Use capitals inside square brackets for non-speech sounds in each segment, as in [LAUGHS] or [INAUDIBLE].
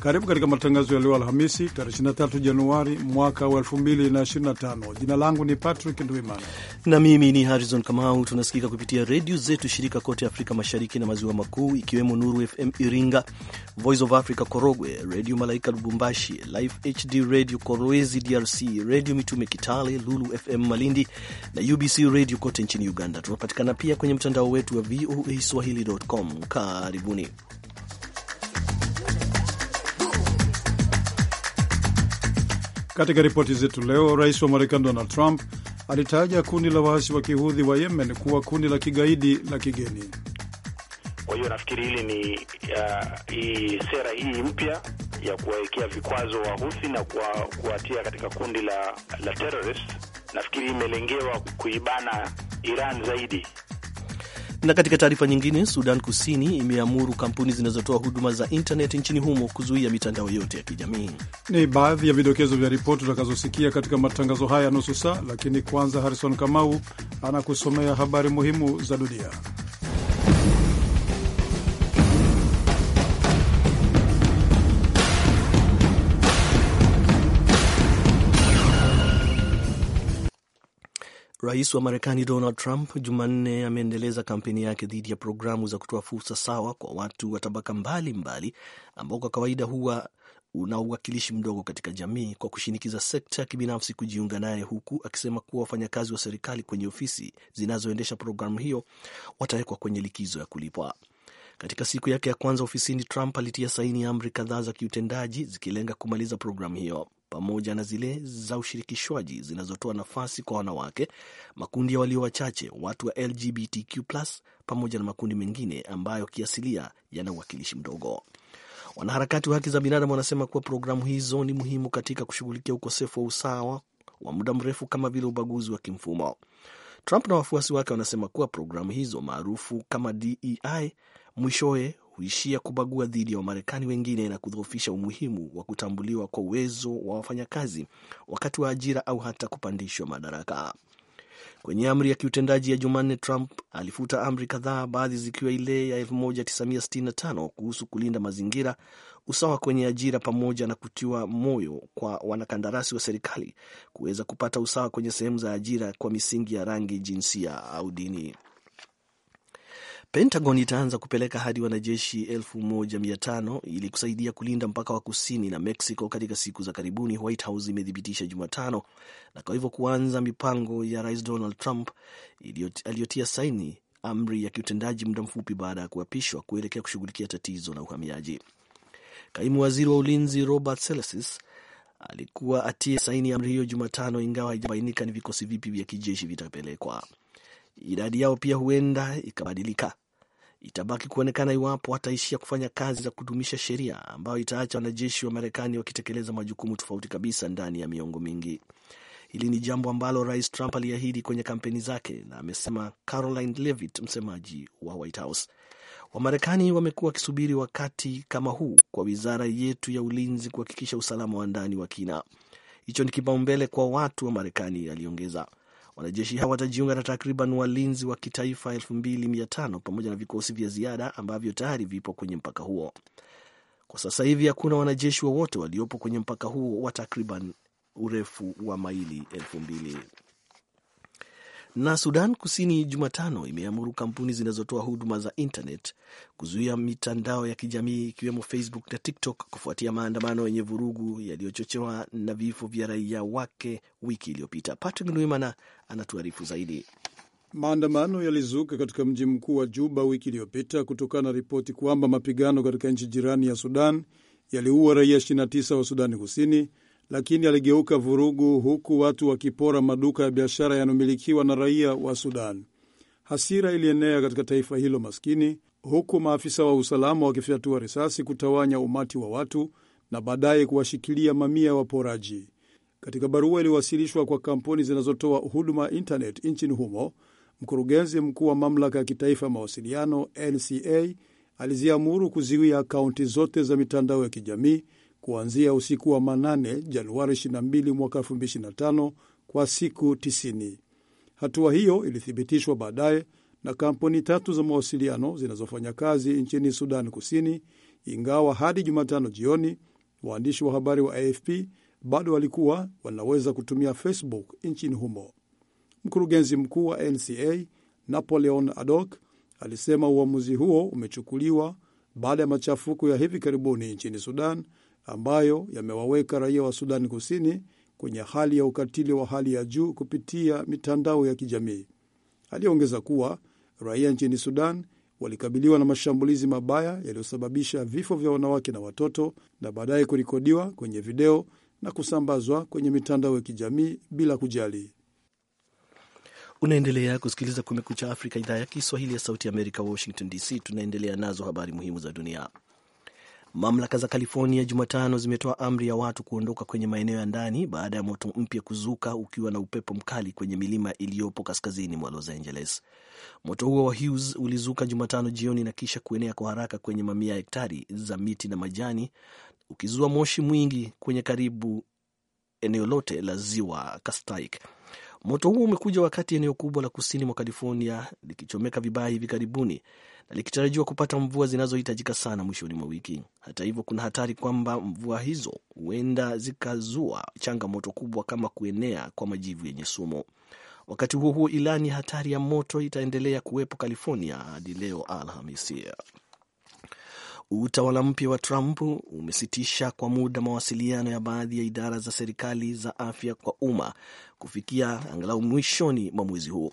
Karibu katika matangazo ya leo Alhamisi, tarehe 23 Januari mwaka wa 2025. Jina langu ni Patrick Ndwimana na mimi ni Harrison Kamau. Tunasikika kupitia redio zetu shirika kote Afrika Mashariki na Maziwa Makuu, ikiwemo Nuru FM Iringa, Voice of Africa Korogwe, Redio Malaika Lubumbashi, Life HD Radio Korwezi DRC, Redio Mitume Kitale, Lulu FM Malindi na UBC Radio kote nchini Uganda. Tunapatikana pia kwenye mtandao wetu wa VOA Swahili.com. Karibuni. Katika ripoti zetu leo, rais wa Marekani Donald Trump alitaja kundi la waasi wa kihudhi wa Yemen kuwa kundi la kigaidi la kigeni. Kwa hiyo nafikiri hili ni uh, i, sera hii mpya ya kuwawekea vikwazo wahuthi na kuwatia katika kundi la, la terrorist, nafikiri imelengewa kuibana Iran zaidi. Na katika taarifa nyingine, Sudan Kusini imeamuru kampuni zinazotoa huduma za intaneti nchini humo kuzuia mitandao yote ya kijamii. Ni baadhi ya vidokezo vya ripoti utakazosikia katika matangazo haya ya nusu saa, lakini kwanza, Harrison Kamau anakusomea habari muhimu za dunia. Rais wa Marekani Donald Trump Jumanne ameendeleza kampeni yake dhidi ya programu za kutoa fursa sawa kwa watu wa tabaka mbalimbali ambao kwa kawaida huwa una uwakilishi mdogo katika jamii kwa kushinikiza sekta ya kibinafsi kujiunga naye, huku akisema kuwa wafanyakazi wa serikali kwenye ofisi zinazoendesha programu hiyo watawekwa kwenye likizo ya kulipwa. Katika siku yake ya kwanza ofisini, Trump alitia saini amri kadhaa za kiutendaji zikilenga kumaliza programu hiyo pamoja na zile za ushirikishwaji zinazotoa nafasi kwa wanawake, makundi ya walio wachache, watu wa LGBTQ+, pamoja na makundi mengine ambayo kiasilia yana uwakilishi mdogo. Wanaharakati wa haki za binadamu wanasema kuwa programu hizo ni muhimu katika kushughulikia ukosefu wa usawa wa muda mrefu kama vile ubaguzi wa kimfumo. Trump na wafuasi wake wanasema kuwa programu hizo maarufu kama DEI mwishowe huishia kubagua dhidi ya Wamarekani wengine na kudhoofisha umuhimu wa kutambuliwa kwa uwezo wa wafanyakazi wakati wa ajira au hata kupandishwa madaraka. Kwenye amri ya kiutendaji ya Jumanne, Trump alifuta amri kadhaa, baadhi zikiwa ile ya 1965 kuhusu kulinda mazingira, usawa kwenye ajira, pamoja na kutiwa moyo kwa wanakandarasi wa serikali kuweza kupata usawa kwenye sehemu za ajira kwa misingi ya rangi, jinsia au dini. Pentagon itaanza kupeleka hadi wanajeshi 1500 ili kusaidia kulinda mpaka wa kusini na Mexico katika siku za karibuni, White House imethibitisha Jumatano, na kwa hivyo kuanza mipango ya Rais Donald Trump aliyotia saini amri ya kiutendaji muda mfupi baada ya kuapishwa kuelekea kushughulikia tatizo la uhamiaji. Kaimu waziri wa ulinzi Robert Celesis alikuwa atie saini amri hiyo Jumatano, ingawa haijabainika ni vikosi vipi vya kijeshi vitapelekwa idadi yao pia huenda ikabadilika. Itabaki kuonekana iwapo wataishia kufanya kazi za kudumisha sheria ambayo itaacha wanajeshi wa Marekani wakitekeleza majukumu tofauti kabisa ndani ya miongo mingi. Hili ni jambo ambalo Rais Trump aliahidi kwenye kampeni zake, na amesema Caroline Levitt, msemaji wa White House. Wamarekani wamekuwa wakisubiri wakati kama huu kwa wizara yetu ya ulinzi kuhakikisha usalama wa ndani wa kina. Hicho ni kipaumbele kwa watu wa Marekani, aliongeza. Wanajeshi hao watajiunga na takriban walinzi wa kitaifa 2500 pamoja na vikosi vya ziada ambavyo tayari vipo kwenye mpaka huo. Kwa sasa hivi hakuna wanajeshi wowote wa waliopo kwenye mpaka huo wa takriban urefu wa maili elfu mbili. Na Sudan Kusini Jumatano imeamuru kampuni zinazotoa huduma za internet kuzuia mitandao ya kijamii ikiwemo Facebook na TikTok kufuatia maandamano yenye vurugu yaliyochochewa na vifo vya raia wake wiki iliyopita. Patrick Nwimana anatuarifu zaidi. Maandamano yalizuka katika mji mkuu wa Juba wiki iliyopita kutokana na ripoti kwamba mapigano katika nchi jirani ya Sudan yaliua raia 29 wa Sudani Kusini lakini aligeuka vurugu, huku watu wakipora maduka ya biashara yanayomilikiwa na raia wa Sudan. Hasira ilienea katika taifa hilo maskini, huku maafisa wa usalama wakifyatua risasi kutawanya umati wa watu na baadaye kuwashikilia mamia ya waporaji. Katika barua iliyowasilishwa kwa kampuni zinazotoa huduma ya intanet nchini humo, mkurugenzi mkuu wa mamlaka ya kitaifa ya mawasiliano NCA aliziamuru kuziwia akaunti zote za mitandao ya kijamii kuanzia usiku wa manane Januari 22 mwaka 2025 kwa siku 90. Hatua hiyo ilithibitishwa baadaye na kampuni tatu za mawasiliano zinazofanya kazi nchini Sudan Kusini, ingawa hadi Jumatano jioni waandishi wa habari wa AFP bado walikuwa wanaweza kutumia Facebook nchini humo. Mkurugenzi mkuu wa NCA Napoleon Adok alisema uamuzi huo umechukuliwa baada ya machafuko ya hivi karibuni nchini Sudan ambayo yamewaweka raia wa Sudani Kusini kwenye hali ya ukatili wa hali ya juu kupitia mitandao ya kijamii. Aliongeza kuwa raia nchini Sudan walikabiliwa na mashambulizi mabaya yaliyosababisha vifo vya wanawake na watoto na baadaye kurekodiwa kwenye video na kusambazwa kwenye mitandao ya kijamii bila kujali. Unaendelea kusikiliza Kumekucha Afrika, idhaa ya Kiswahili ya Sauti ya Amerika, Washington DC. Tunaendelea nazo habari muhimu za dunia. Mamlaka za California Jumatano zimetoa amri ya watu kuondoka kwenye maeneo ya ndani baada ya moto mpya kuzuka ukiwa na upepo mkali kwenye milima iliyopo kaskazini mwa Los Angeles. Moto huo wa Hughes ulizuka Jumatano jioni na kisha kuenea kwa haraka kwenye mamia ya hektari za miti na majani, ukizua moshi mwingi kwenye karibu eneo lote la ziwa Kastaik. Moto huo umekuja wakati eneo kubwa la kusini mwa California likichomeka vibaya hivi karibuni na likitarajiwa kupata mvua zinazohitajika sana mwishoni mwa wiki. Hata hivyo, kuna hatari kwamba mvua hizo huenda zikazua changamoto kubwa kama kuenea kwa majivu yenye sumu. Wakati huo huo, ilani hatari ya moto itaendelea kuwepo California hadi leo Alhamisi. Utawala mpya wa Trump umesitisha kwa muda mawasiliano ya baadhi ya idara za serikali za afya kwa umma kufikia angalau mwishoni mwa mwezi huu.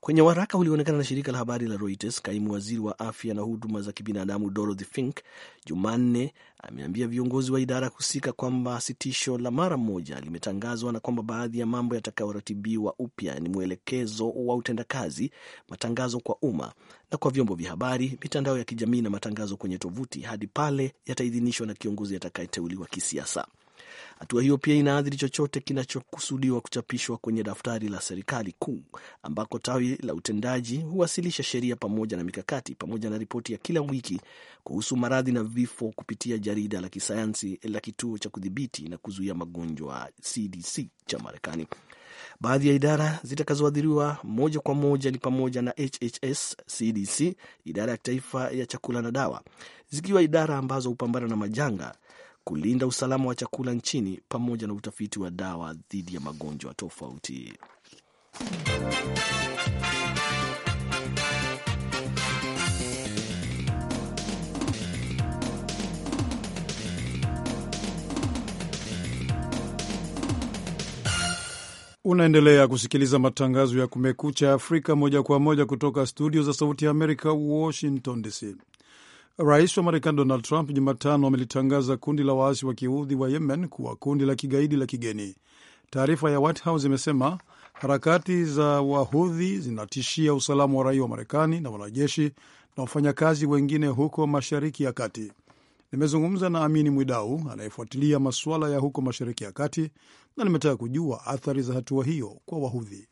Kwenye waraka ulioonekana na shirika la habari la Reuters, kaimu waziri wa afya na huduma za kibinadamu Dorothy Fink Jumanne ameambia viongozi wa idara husika kwamba sitisho la mara moja limetangazwa na kwamba baadhi ya mambo yatakayoratibiwa upya ni mwelekezo wa utendakazi, matangazo kwa umma na kwa vyombo vya habari, mitandao ya kijamii na matangazo kwenye tovuti hadi pale yataidhinishwa na kiongozi atakayeteuliwa kisiasa. Hatua hiyo pia inaathiri chochote kinachokusudiwa kuchapishwa kwenye daftari la serikali kuu, ambako tawi la utendaji huwasilisha sheria pamoja na mikakati pamoja na ripoti ya kila wiki kuhusu maradhi na vifo kupitia jarida la kisayansi la kituo cha kudhibiti na kuzuia magonjwa CDC cha Marekani. Baadhi ya idara zitakazoathiriwa moja kwa moja ni pamoja na HHS, CDC, idara ya taifa ya chakula na dawa, zikiwa idara ambazo hupambana na majanga kulinda usalama wa chakula nchini pamoja na utafiti wa dawa dhidi ya magonjwa tofauti. Unaendelea kusikiliza matangazo ya Kumekucha Afrika moja kwa moja kutoka studio za Sauti ya Amerika, Washington DC. Rais wa Marekani Donald Trump Jumatano amelitangaza kundi la waasi wa kiudhi wa Yemen kuwa kundi la kigaidi la kigeni. Taarifa ya White House imesema harakati za wahudhi zinatishia usalama wa raia wa Marekani na wanajeshi na wafanyakazi wengine huko Mashariki ya Kati. Nimezungumza na Amini Mwidau anayefuatilia masuala ya huko Mashariki ya Kati na nimetaka kujua athari za hatua hiyo kwa Wahudhi.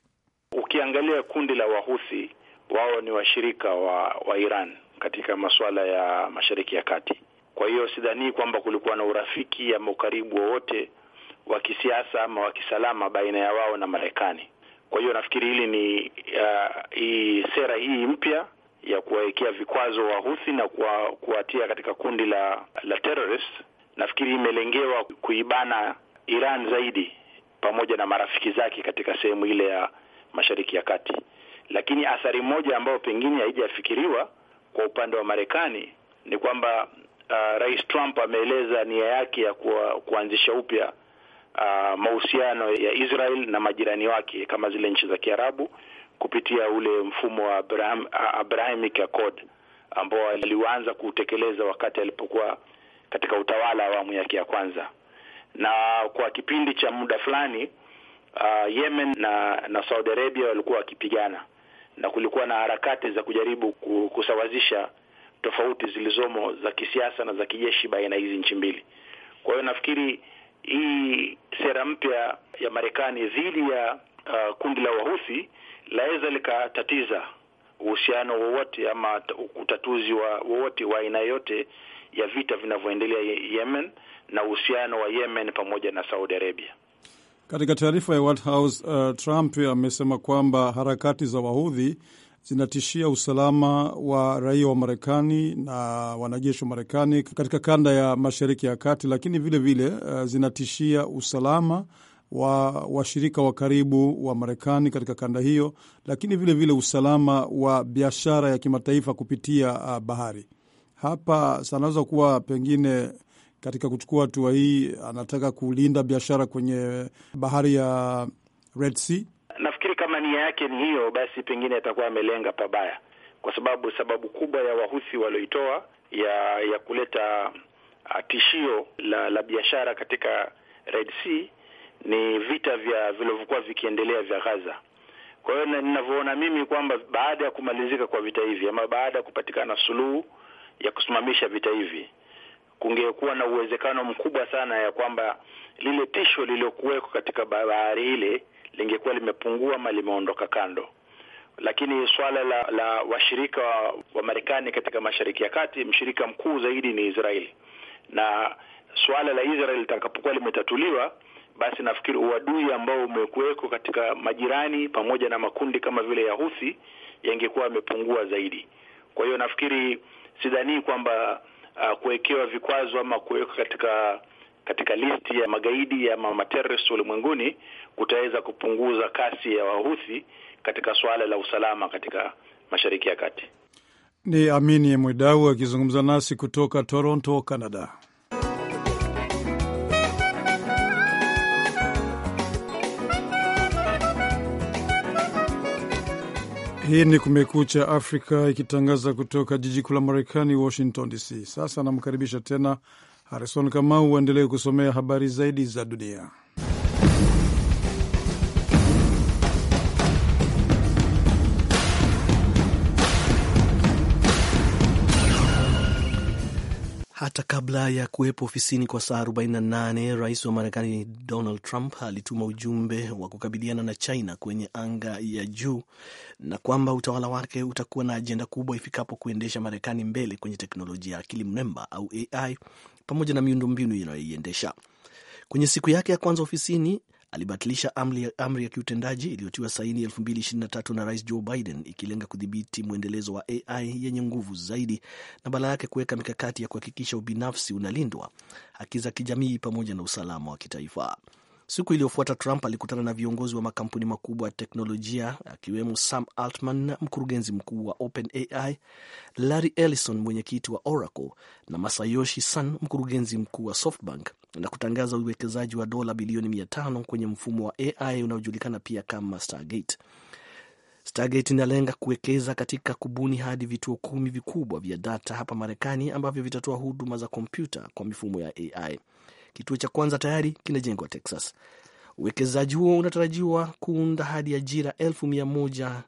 Ukiangalia kundi la wahusi wao ni washirika wa, wa Iran katika masuala ya Mashariki ya Kati. Kwa hiyo sidhanii kwamba kulikuwa na urafiki ama ukaribu wowote wa kisiasa ama wa kisalama baina ya wao na Marekani. Kwa hiyo nafikiri hili ni uh, hii sera hii mpya ya kuwawekea vikwazo Wahuthi na kuwa, kuwatia katika kundi la la terrorist, nafikiri imelengewa kuibana Iran zaidi pamoja na marafiki zake katika sehemu ile ya Mashariki ya Kati, lakini athari moja ambayo pengine haijafikiriwa kwa upande wa Marekani ni kwamba uh, Rais Trump ameeleza nia yake ya kuwa, kuanzisha upya uh, mahusiano ya Israel na majirani wake kama zile nchi za Kiarabu kupitia ule mfumo wa Abraham, uh, Abrahamic Accord ambao alianza kutekeleza wakati alipokuwa katika utawala wa awamu yake ya kwanza, na kwa kipindi cha muda fulani uh, Yemen na, na Saudi Arabia walikuwa wakipigana na kulikuwa na harakati za kujaribu kusawazisha tofauti zilizomo za kisiasa na za kijeshi baina hizi nchi mbili. Kwa hiyo nafikiri hii sera mpya ya Marekani dhidi ya uh, kundi la Wahuthi laweza likatatiza uhusiano wowote ama utatuzi wa wowote wa aina yote ya vita vinavyoendelea Yemen na uhusiano wa Yemen pamoja na Saudi Arabia. Katika taarifa ya White House, uh, Trump amesema kwamba harakati za wahudhi zinatishia usalama wa raia wa Marekani na wanajeshi wa Marekani katika kanda ya mashariki ya kati, lakini vilevile vile, uh, zinatishia usalama wa washirika wa karibu wa Marekani katika kanda hiyo, lakini vilevile vile usalama wa biashara ya kimataifa kupitia uh, bahari. Hapa sanaweza kuwa pengine katika kuchukua hatua hii, anataka kulinda biashara kwenye bahari ya Red Sea. Nafikiri kama nia yake ni hiyo, basi pengine atakuwa amelenga pabaya, kwa sababu sababu kubwa ya Wahuthi walioitoa ya ya kuleta ah, tishio la, la biashara katika Red Sea ni vita vya vilivyokuwa vikiendelea vya Gaza. Kwa hiyo ninavyoona mimi kwamba baada ya kumalizika kwa vita hivi ama baada ya kupatikana suluhu ya kusimamisha vita hivi kungekuwa na uwezekano mkubwa sana ya kwamba lile tisho lililokuweko katika bahari ile lingekuwa limepungua ama limeondoka kando. Lakini swala la, la washirika wa, wa Marekani katika Mashariki ya Kati, mshirika mkuu zaidi ni Israeli, na swala la Israeli litakapokuwa limetatuliwa basi nafikiri uadui ambao umekuweko katika majirani pamoja na makundi kama vile ya Houthi yangekuwa yamepungua zaidi. Kwa hiyo nafikiri sidhanii kwamba uh, kuwekewa vikwazo ama kuwekwa katika katika listi ya magaidi ama materrorist ulimwenguni kutaweza kupunguza kasi ya Wahuthi katika suala la usalama katika Mashariki ya Kati. Ni Amini Mwidau akizungumza nasi kutoka Toronto, Canada. Hii ni Kumekucha Afrika ikitangaza kutoka jiji kuu la Marekani, Washington DC. Sasa anamkaribisha tena Harrison Kamau aendelee kusomea habari zaidi za dunia. Kabla ya kuwepo ofisini kwa saa 48 rais wa Marekani Donald Trump alituma ujumbe wa kukabiliana na China kwenye anga ya juu na kwamba utawala wake utakuwa na ajenda kubwa ifikapo kuendesha Marekani mbele kwenye teknolojia ya akili mnemba au AI pamoja na miundombinu inayoiendesha. Kwenye siku yake ya kwanza ofisini, alibatilisha amri, amri ya kiutendaji iliyotiwa saini 2023 na Rais Joe Biden ikilenga kudhibiti mwendelezo wa AI yenye nguvu zaidi na badala yake kuweka mikakati ya kuhakikisha ubinafsi unalindwa, haki za kijamii pamoja na usalama wa kitaifa. Siku iliyofuata Trump alikutana na viongozi wa makampuni makubwa ya teknolojia akiwemo Sam Altman, mkurugenzi mkuu wa OpenAI, Larry Ellison, mwenyekiti wa Oracle na Masayoshi Son, mkurugenzi mkuu wa SoftBank, na kutangaza uwekezaji wa dola bilioni mia tano kwenye mfumo wa AI unaojulikana pia kama Stargate. Stargate inalenga kuwekeza katika kubuni hadi vituo kumi vikubwa vya data hapa Marekani ambavyo vitatoa huduma za kompyuta kwa mifumo ya AI. Kituo cha kwanza tayari kinajengwa Texas. Uwekezaji huo unatarajiwa kuunda hadi ajira elfu mia moja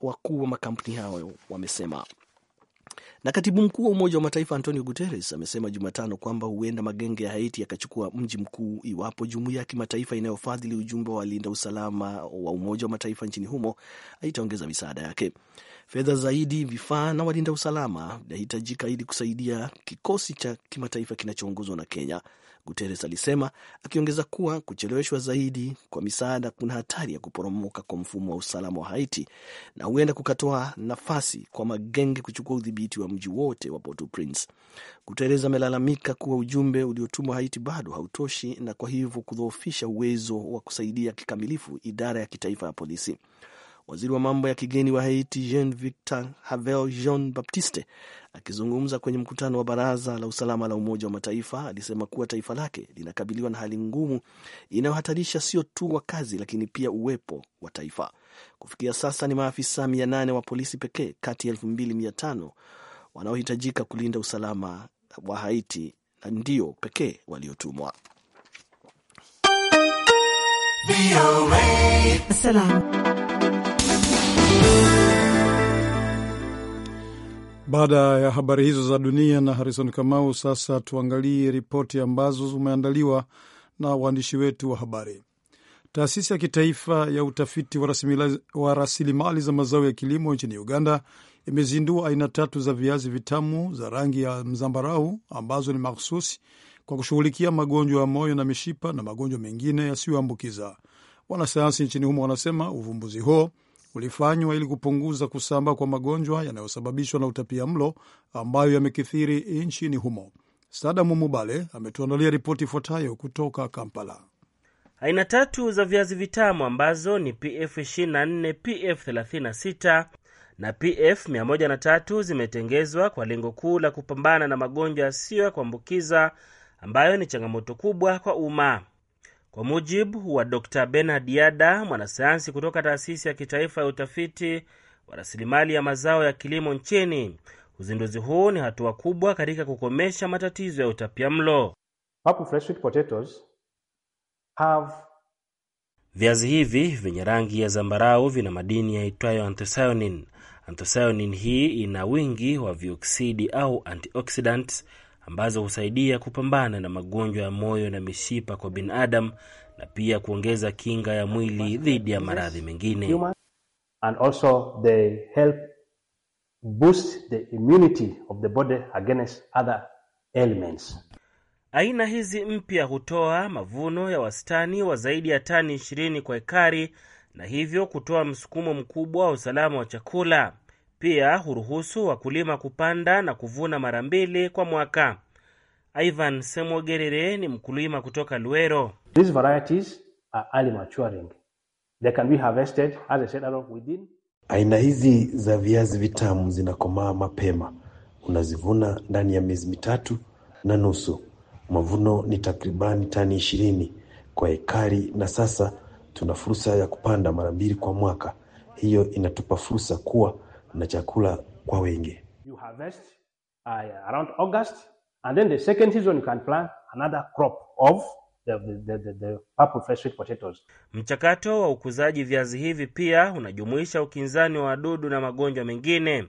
wakuu wa makampuni hayo wamesema. Na katibu mkuu wa Umoja wa Mataifa Antonio Guterres amesema Jumatano kwamba huenda magenge ya Haiti yakachukua mji mkuu iwapo jumuiya ya kimataifa inayofadhili ujumbe wa walinda usalama wa Umoja wa Mataifa nchini humo haitaongeza misaada yake. Fedha zaidi, vifaa na walinda usalama vinahitajika ili kusaidia kikosi cha kimataifa kinachoongozwa na Kenya Guterres alisema, akiongeza kuwa kucheleweshwa zaidi kwa misaada kuna hatari ya kuporomoka kwa mfumo wa usalama wa Haiti na huenda kukatoa nafasi kwa magenge kuchukua udhibiti wa mji wote wa Port-au-Prince. Guterres amelalamika kuwa ujumbe uliotumwa Haiti bado hautoshi na kwa hivyo kudhoofisha uwezo wa kusaidia kikamilifu idara ya kitaifa ya polisi. Waziri wa mambo ya kigeni wa Haiti Jean Victor Havel Jean Baptiste akizungumza kwenye mkutano wa Baraza la Usalama la Umoja wa Mataifa alisema kuwa taifa lake linakabiliwa na hali ngumu inayohatarisha sio tu wakazi, lakini pia uwepo wa taifa. Kufikia sasa ni maafisa nane wa polisi pekee kati ya tano wanaohitajika kulinda usalama wa Haiti na ndio pekee waliotumwa. Baada ya habari hizo za dunia na Harison Kamau, sasa tuangalie ripoti ambazo zimeandaliwa na waandishi wetu wa habari. Taasisi ya kitaifa ya utafiti wa rasilimali za mazao ya kilimo nchini Uganda imezindua aina tatu za viazi vitamu za rangi ya mzambarau ambazo ni mahususi kwa kushughulikia magonjwa ya moyo na mishipa na magonjwa mengine yasiyoambukiza. Wanasayansi nchini humo wanasema uvumbuzi huo ulifanywa ili kupunguza kusambaa kwa magonjwa yanayosababishwa na utapia mlo ambayo yamekithiri nchini humo. Sadamu Mubale ametuandalia ripoti ifuatayo kutoka Kampala. Aina tatu za viazi vitamu ambazo ni PF 24, PF 36 na PF 103 zimetengezwa kwa lengo kuu la kupambana na magonjwa yasiyo ya kuambukiza ambayo ni changamoto kubwa kwa umma. Kwa mujibu wa Dr Benard Yada, mwanasayansi kutoka taasisi ya kitaifa ya utafiti wa rasilimali ya mazao ya kilimo nchini, uzinduzi huu ni hatua kubwa katika kukomesha matatizo ya utapia mlo. viazi hivi vyenye rangi ya zambarau vina madini yaitwayo anthocyanin. Anthocyanin hii ina wingi wa vioksidi au antioxidants ambazo husaidia kupambana na magonjwa ya moyo na mishipa kwa binadamu na pia kuongeza kinga ya mwili dhidi ya maradhi mengine. And also they help boost the immunity of the body against other ailments. Aina hizi mpya hutoa mavuno ya wastani wa zaidi ya tani 20 kwa ekari na hivyo kutoa msukumo mkubwa wa usalama wa chakula. Pia huruhusu wakulima kupanda na kuvuna mara mbili kwa mwaka. Ivan Semwogerere ni mkulima kutoka Luero. These varieties are early maturing. They can be harvested, as I said, within... Aina hizi za viazi vitamu zinakomaa mapema, unazivuna ndani ya miezi mitatu na nusu. Mavuno ni takribani tani ishirini kwa ekari, na sasa tuna fursa ya kupanda mara mbili kwa mwaka. Hiyo inatupa fursa kuwa na chakula kwa wengi. You harvest uh, around August and then the second season you can plant another crop of the, the, the, the purple fresh sweet potatoes. Mchakato wa ukuzaji viazi hivi pia unajumuisha ukinzani wa wadudu na magonjwa mengine.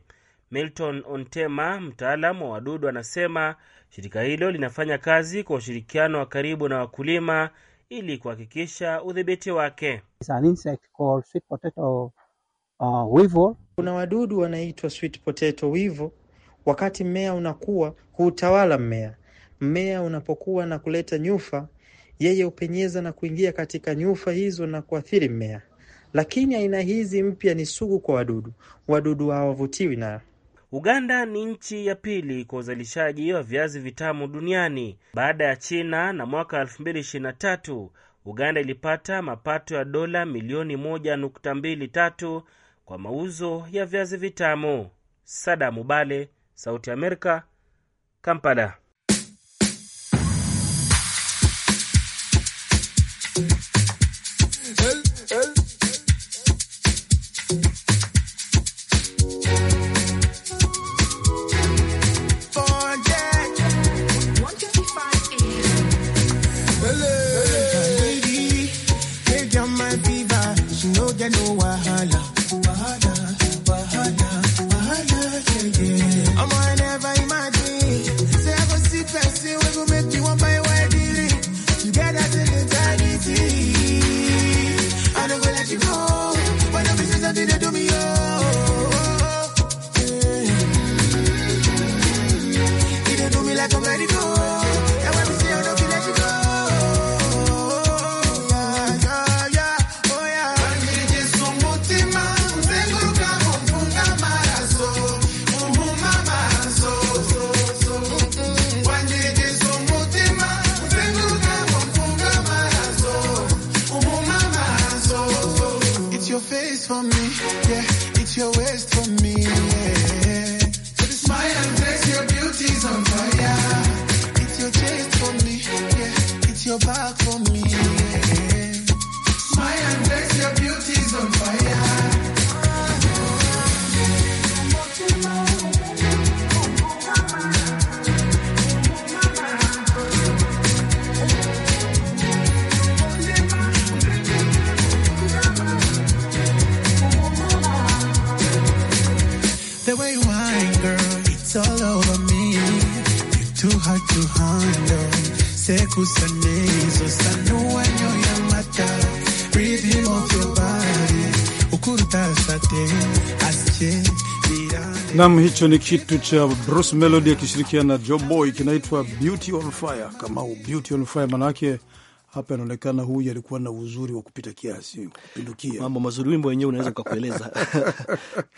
Milton Ontema, mtaalamu wa wadudu, anasema shirika hilo linafanya kazi kwa ushirikiano wa karibu na wakulima ili kuhakikisha udhibiti wake. It's an insect called sweet potato uh, weevil. Kuna wadudu wanaitwa sweet potato weevil. Wakati mmea unakuwa huutawala mmea. Mmea unapokuwa na kuleta nyufa, yeye hupenyeza na kuingia katika nyufa hizo na kuathiri mmea. Lakini aina hizi mpya ni sugu kwa wadudu. Wadudu hawavutiwi nayo. Uganda ni nchi ya pili kwa uzalishaji wa viazi vitamu duniani baada ya China, na mwaka 2023 Uganda ilipata mapato ya dola milioni 1.23 kwa mauzo ya viazi vitamu. sadamubale Sauti Amerika, Kampala. Nam, hicho ni kitu cha Bruce Melody akishirikiana na Joe Boy, kinaitwa Beauty on Fire. Kama Beauty on Fire manake hapa inaonekana huyu alikuwa na uzuri wa kupita kiasi kupindukia. Mambo mazuri, wimbo wenyewe unaweza ukakueleza [LAUGHS]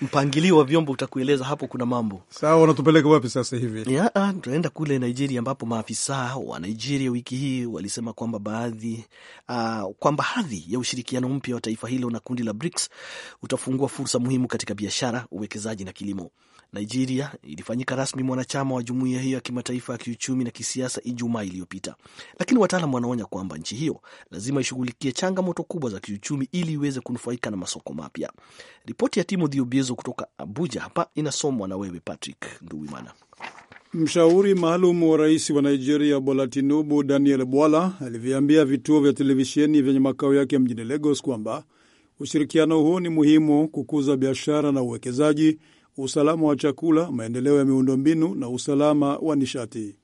mpangilio wa vyombo utakueleza hapo, kuna mambo sawa. Wanatupeleka wapi sasa hivi? tunaenda kule Nigeria ambapo maafisa wa Nigeria wiki hii walisema kwamba baadhi uh, kwamba hadhi ya ushirikiano mpya wa taifa hilo na kundi la BRICS utafungua fursa muhimu katika biashara, uwekezaji na kilimo. Nigeria ilifanyika rasmi mwanachama wa jumuiya hiyo ya kimataifa ya kiuchumi na kisiasa Ijumaa iliyopita, lakini wataalam wanaonya kwamba nchi hiyo lazima ishughulikie changamoto kubwa za kiuchumi ili iweze kunufaika na masoko mapya. Ripoti ya Timothy Obiezo kutoka Abuja hapa inasomwa na wewe Patrick Nduwimana. Mshauri maalum wa rais wa Nigeria Bola Tinubu, Daniel Bwala, aliviambia vituo vya televisheni vyenye makao yake mjini Lagos kwamba ushirikiano huo ni muhimu kukuza biashara na uwekezaji usalama wa chakula, maendeleo ya miundombinu na usalama wa nishati.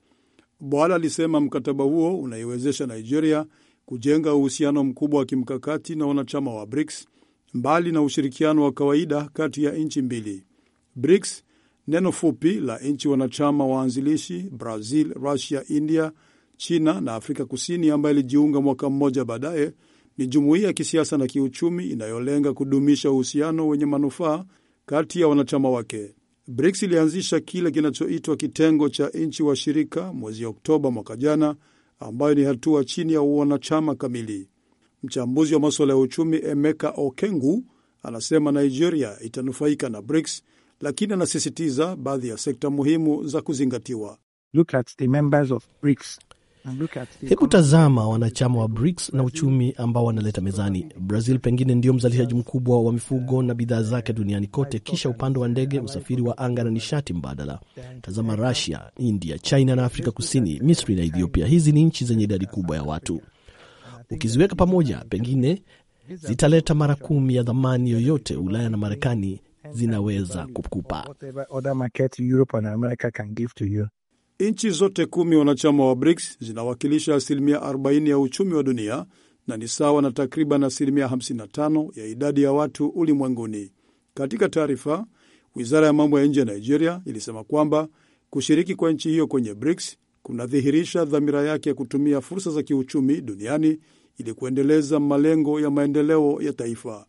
Bwala alisema mkataba huo unaiwezesha Nigeria kujenga uhusiano mkubwa wa kimkakati na wanachama wa BRICS mbali na ushirikiano wa kawaida kati ya nchi mbili. BRICS, neno fupi la nchi wanachama waanzilishi Brazil, Russia, India, China na Afrika Kusini, ambayo ilijiunga mwaka mmoja baadaye, ni jumuiya ya kisiasa na kiuchumi inayolenga kudumisha uhusiano wenye manufaa kati ya wanachama wake. BRICS ilianzisha kile kinachoitwa kitengo cha nchi washirika mwezi Oktoba mwaka jana, ambayo ni hatua chini ya wanachama kamili. Mchambuzi wa masuala ya uchumi Emeka Okengu anasema Nigeria itanufaika na BRICS, lakini anasisitiza baadhi ya sekta muhimu za kuzingatiwa. Look at the members of BRICS. Hebu tazama wanachama wa BRICS na uchumi ambao wanaleta mezani. Brazil pengine ndio mzalishaji mkubwa wa mifugo na bidhaa zake duniani kote, kisha upande wa ndege, usafiri wa anga na nishati mbadala. Tazama Russia, India, China na Afrika Kusini, Misri na Ethiopia. Hizi ni nchi zenye idadi kubwa ya watu. Ukiziweka pamoja, pengine zitaleta mara kumi ya dhamani yoyote Ulaya na Marekani zinaweza kukupa. Nchi zote kumi wanachama wa BRICS zinawakilisha asilimia 40 ya uchumi wa dunia na ni sawa na takriban asilimia 55 ya idadi ya watu ulimwenguni. Katika taarifa, wizara ya mambo ya nje ya Nigeria ilisema kwamba kushiriki kwa nchi hiyo kwenye BRICS kunadhihirisha dhamira yake ya kutumia fursa za kiuchumi duniani ili kuendeleza malengo ya maendeleo ya taifa.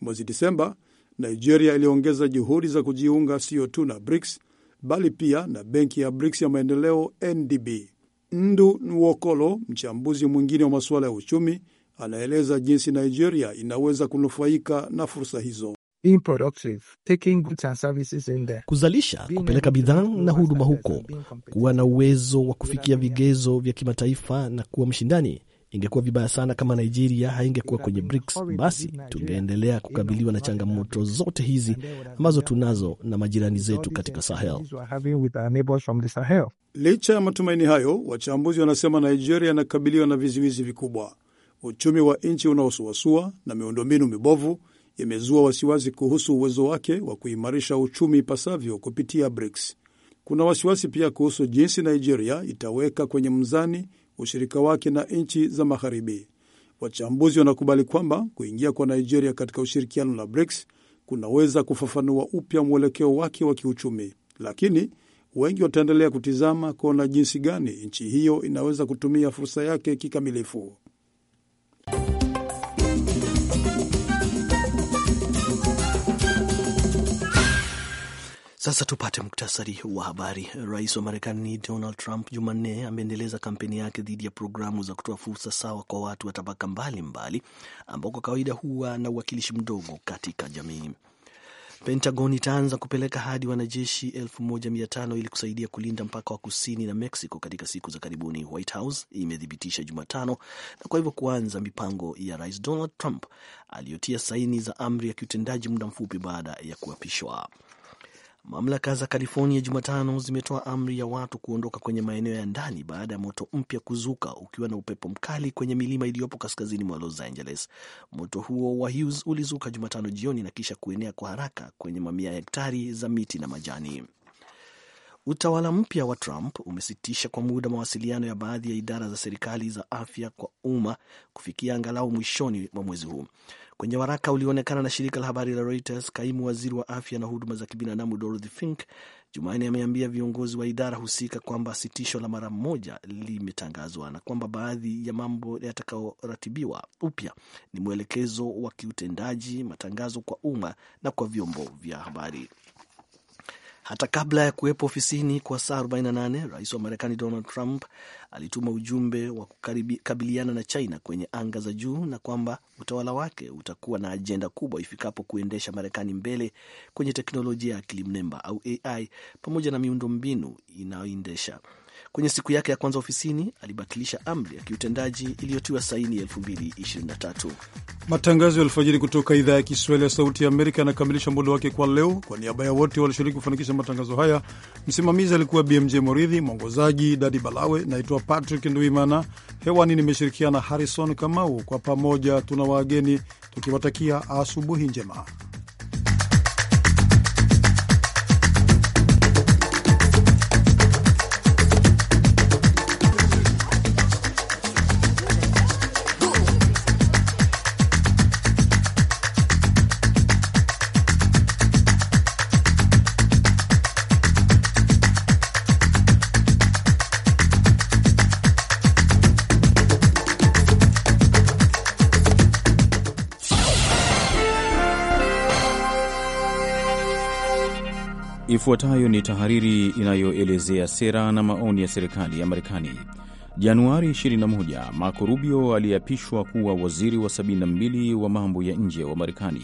Mwezi Disemba, Nigeria iliongeza juhudi za kujiunga sio tu na BRICS bali pia na benki ya BRICS ya maendeleo NDB. Ndu Nwokolo, mchambuzi mwingine wa masuala ya uchumi, anaeleza jinsi Nigeria inaweza kunufaika na fursa hizo. Kuzalisha, kupeleka bidhaa na huduma huko, kuwa na uwezo wa kufikia vigezo vya kimataifa na kuwa mshindani Ingekuwa vibaya sana kama Nigeria haingekuwa kwenye BRICS, basi tungeendelea kukabiliwa na uh, changamoto zote hizi ambazo tunazo na majirani zetu katika Sahel. Licha ya matumaini hayo, wachambuzi wanasema Nigeria inakabiliwa na vizuizi vikubwa. Uchumi wa nchi unaosuasua na miundombinu mibovu imezua wasiwasi kuhusu uwezo wake wa kuimarisha uchumi ipasavyo kupitia BRICS. Kuna wasiwasi pia kuhusu jinsi Nigeria itaweka kwenye mzani ushirika wake na nchi za Magharibi. Wachambuzi wanakubali kwamba kuingia kwa Nigeria katika ushirikiano na BRICS kunaweza kufafanua upya mwelekeo wake wa kiuchumi, lakini wengi wataendelea kutizama kuona jinsi gani nchi hiyo inaweza kutumia fursa yake kikamilifu. Sasa tupate muktasari wa habari. Rais wa Marekani Donald Trump Jumanne ameendeleza kampeni yake dhidi ya programu za kutoa fursa sawa kwa watu wa tabaka mbalimbali ambao kwa kawaida huwa na uwakilishi mdogo katika jamii. Pentagon itaanza kupeleka hadi wanajeshi 1500 ili kusaidia kulinda mpaka wa kusini na Mexico katika siku za karibuni, White House imethibitisha Jumatano, na kwa hivyo kuanza mipango ya Rais Donald Trump aliyotia saini za amri ya kiutendaji muda mfupi baada ya kuapishwa. Mamlaka za California Jumatano zimetoa amri ya watu kuondoka kwenye maeneo ya ndani baada ya moto mpya kuzuka ukiwa na upepo mkali kwenye milima iliyopo kaskazini mwa Los Angeles. Moto huo wa Hughes ulizuka Jumatano jioni na kisha kuenea kwa haraka kwenye mamia ya hektari za miti na majani. Utawala mpya wa Trump umesitisha kwa muda mawasiliano ya baadhi ya idara za serikali za afya kwa umma kufikia angalau mwishoni mwa mwezi huu. Kwenye waraka ulioonekana na shirika la habari la Reuters, kaimu waziri wa afya na huduma za kibinadamu Dorothy Fink Jumanne ameambia viongozi wa idara husika kwamba sitisho la mara moja limetangazwa na kwamba baadhi ya mambo yatakayoratibiwa upya ni mwelekezo wa kiutendaji, matangazo kwa umma na kwa vyombo vya habari. Hata kabla ya kuwepo ofisini kwa saa 48 rais wa Marekani Donald Trump alituma ujumbe wa kukabiliana na China kwenye anga za juu na kwamba utawala wake utakuwa na ajenda kubwa ifikapo kuendesha Marekani mbele kwenye teknolojia ya akili mnemba au AI pamoja na miundo mbinu inayoendesha Kwenye siku yake ya kwanza ofisini alibatilisha amri ya kiutendaji iliyotiwa saini 2023. Matangazo ya alfajiri kutoka idhaa ya Kiswahili ya Sauti ya Amerika yanakamilisha muda wake kwa leo. Kwa niaba ya wote walioshiriki kufanikisha matangazo haya, msimamizi alikuwa BMJ Moridhi, mwongozaji Dadi Balawe. Naitwa Patrick Nduimana, hewani nimeshirikiana Harrison Kamau. Kwa pamoja tuna wageni tukiwatakia asubuhi njema. Ifuatayo ni tahariri inayoelezea sera na maoni ya serikali ya Marekani. Januari 21, Marco Rubio aliapishwa kuwa waziri wa 72 wa mambo ya nje wa Marekani.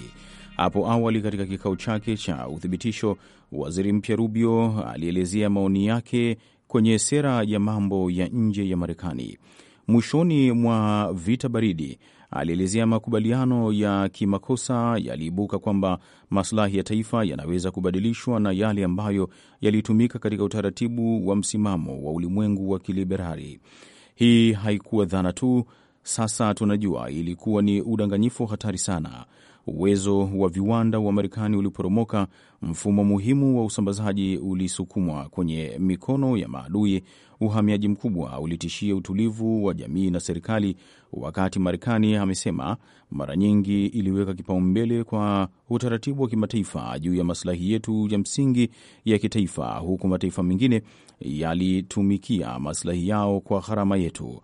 Hapo awali katika kikao chake cha uthibitisho, waziri mpya Rubio alielezea maoni yake kwenye sera ya mambo ya nje ya Marekani. Mwishoni mwa vita baridi alielezea makubaliano ya kimakosa yaliibuka kwamba maslahi ya taifa yanaweza kubadilishwa na yale ambayo yalitumika katika utaratibu wa msimamo wa ulimwengu wa kiliberali. Hii haikuwa dhana tu, sasa tunajua ilikuwa ni udanganyifu hatari sana uwezo wa viwanda wa Marekani uliporomoka, mfumo muhimu wa usambazaji ulisukumwa kwenye mikono ya maadui. Uhamiaji mkubwa ulitishia utulivu wa jamii na serikali. Wakati Marekani, amesema, mara nyingi iliweka kipaumbele kwa utaratibu wa kimataifa juu ya masilahi yetu ya msingi ya kitaifa, huku mataifa mengine yalitumikia masilahi yao kwa gharama yetu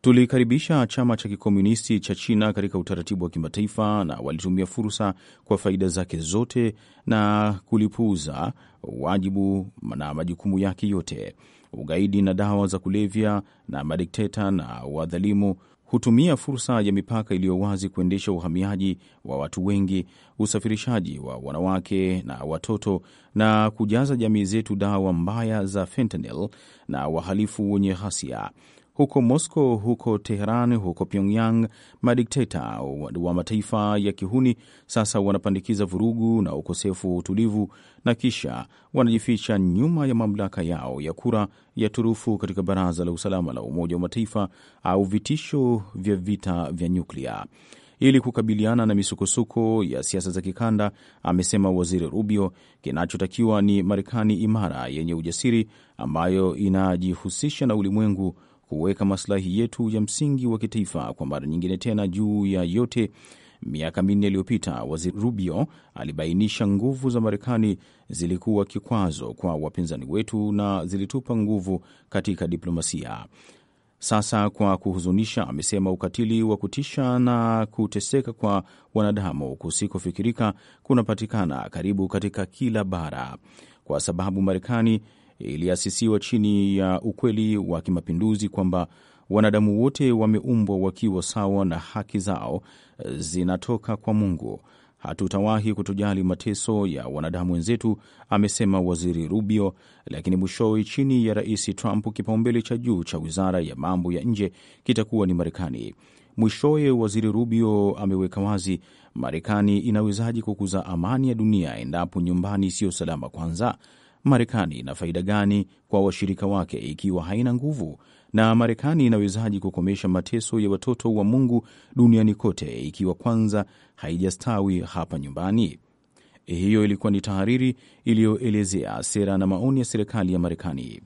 tulikaribisha chama cha kikomunisti cha China katika utaratibu wa kimataifa na walitumia fursa kwa faida zake zote na kulipuuza wajibu na majukumu yake yote. Ugaidi na dawa za kulevya na madikteta na wadhalimu hutumia fursa ya mipaka iliyo wazi kuendesha uhamiaji wa watu wengi, usafirishaji wa wanawake na watoto, na kujaza jamii zetu dawa mbaya za fentanyl na wahalifu wenye ghasia huko Moscow, huko Teheran, huko Pyongyang, madikteta wa mataifa ya kihuni sasa wanapandikiza vurugu na ukosefu wa utulivu na kisha wanajificha nyuma ya mamlaka yao ya kura ya turufu katika Baraza la Usalama la Umoja wa Mataifa au vitisho vya vita vya nyuklia ili kukabiliana na misukosuko ya siasa za kikanda, amesema Waziri Rubio. Kinachotakiwa ni Marekani imara yenye ujasiri ambayo inajihusisha na ulimwengu kuweka maslahi yetu ya msingi wa kitaifa kwa mara nyingine tena juu ya yote. Miaka minne iliyopita, waziri Rubio alibainisha nguvu za Marekani zilikuwa kikwazo kwa wapinzani wetu na zilitupa nguvu katika diplomasia. Sasa kwa kuhuzunisha, amesema ukatili wa kutisha na kuteseka kwa wanadamu kusikofikirika kunapatikana karibu katika kila bara, kwa sababu Marekani iliasisiwa chini ya ukweli wa kimapinduzi kwamba wanadamu wote wameumbwa wakiwa sawa na haki zao eh, zinatoka kwa Mungu. Hatutawahi kutojali mateso ya wanadamu wenzetu, amesema Waziri Rubio. Lakini mwishowe, chini ya Rais Trump, kipaumbele cha juu cha wizara ya mambo ya nje kitakuwa ni Marekani. Mwishowe, Waziri Rubio ameweka wazi, Marekani inawezaje kukuza amani ya dunia endapo nyumbani siyo salama kwanza? Marekani ina faida gani kwa washirika wake ikiwa haina nguvu? Na Marekani inawezaji kukomesha mateso ya watoto wa Mungu duniani kote ikiwa kwanza haijastawi hapa nyumbani? Hiyo ilikuwa ni tahariri iliyoelezea sera na maoni ya serikali ya Marekani.